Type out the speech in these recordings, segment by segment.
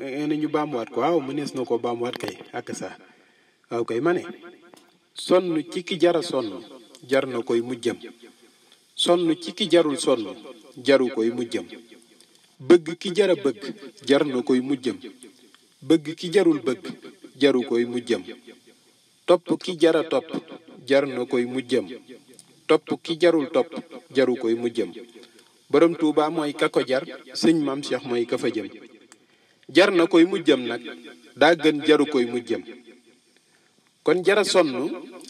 nee na ñu baamuwaat ko waaw mënees na ko baamuwaat kay ak sa waaw kay ma ne sonn ci ki jara sonn jar koy mujjam sonn ci ki jarul sonn jaru ko mujjam bëgg ki jara bëgg jar ki jarul bëgg jaru ko mujjam topp ki jara topp jar na koy mujjam topp ki jarul topp jaru koy mujjam borom Tuuba mooy ka ko jar sëñ maam Cheikh mooy ka fa jëm jar na koy mujjam nag daa gën jaru koy mujjam kon jara sonn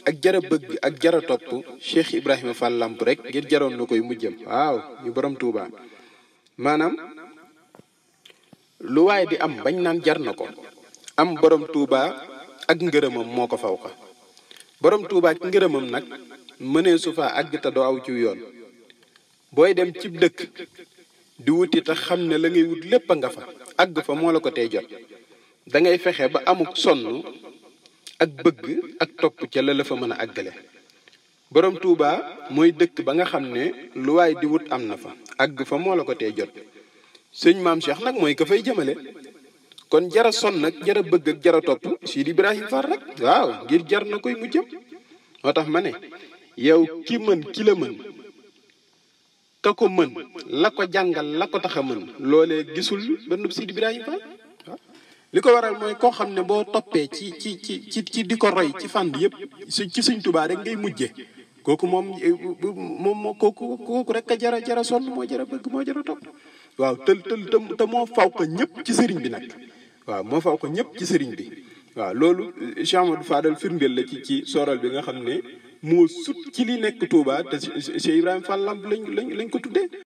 ak jara bëgg ak jara topp Cheikh Ibrahima Fall Lamp rek ngir jaroon na koy mujjam waaw ñu boroom Touba maanaam lu waaye di am bañ naan jar na ko am borom tuubaa ak ngërëmam moo ko faw ko borom Touba ak ngërëmam nag mënee su fa àgg te doo aw ci yoon booy dem cib dëkk di wuti tax xam ne la ngay wut lépp a nga fa àgg fa moo la ko tey jot da ngay fexe ba amuk sonn ak bëgg ak topp ca la la fa mën a àggale borom Touba mooy dëkk ba nga xam ne lu waaye di wut am na fa àgg fa moo la ko tey jot sëñ maam Cheikh nag mooy ka fay jëmale kon jara sonn nag jara bëgg ak jara topp Sidi Ibrahima Fall rek waaw ngir jar na koy mujj moo tax ma ne yow ki mën ki la mën ka ko mën la ko jàngal la ko tax mën loolee gisul benn Sidi Ibrahima Fall li ko waral mooy koo xam ne boo toppee ci ci ci ci di ko roy ci fànn yëpp ci Sëñ Tuubaa rek ngay mujje kooku moom eh, moom moo kooku kooku rek a jara jara sonn moo jara bëgg moo jara topp waaw tël tël te moo faw ko ñëpp ci sëriñ bi nag waaw moo faw ko ñëpp ci sëriñ bi waaw loolu eh, Cheikh Amadou Fadal firndeel la ci ci sooral bi nga xam ne moo sut ci li nekk Touba te Cheikh Ibrahima Fall lañ lañ lañ ko tuddee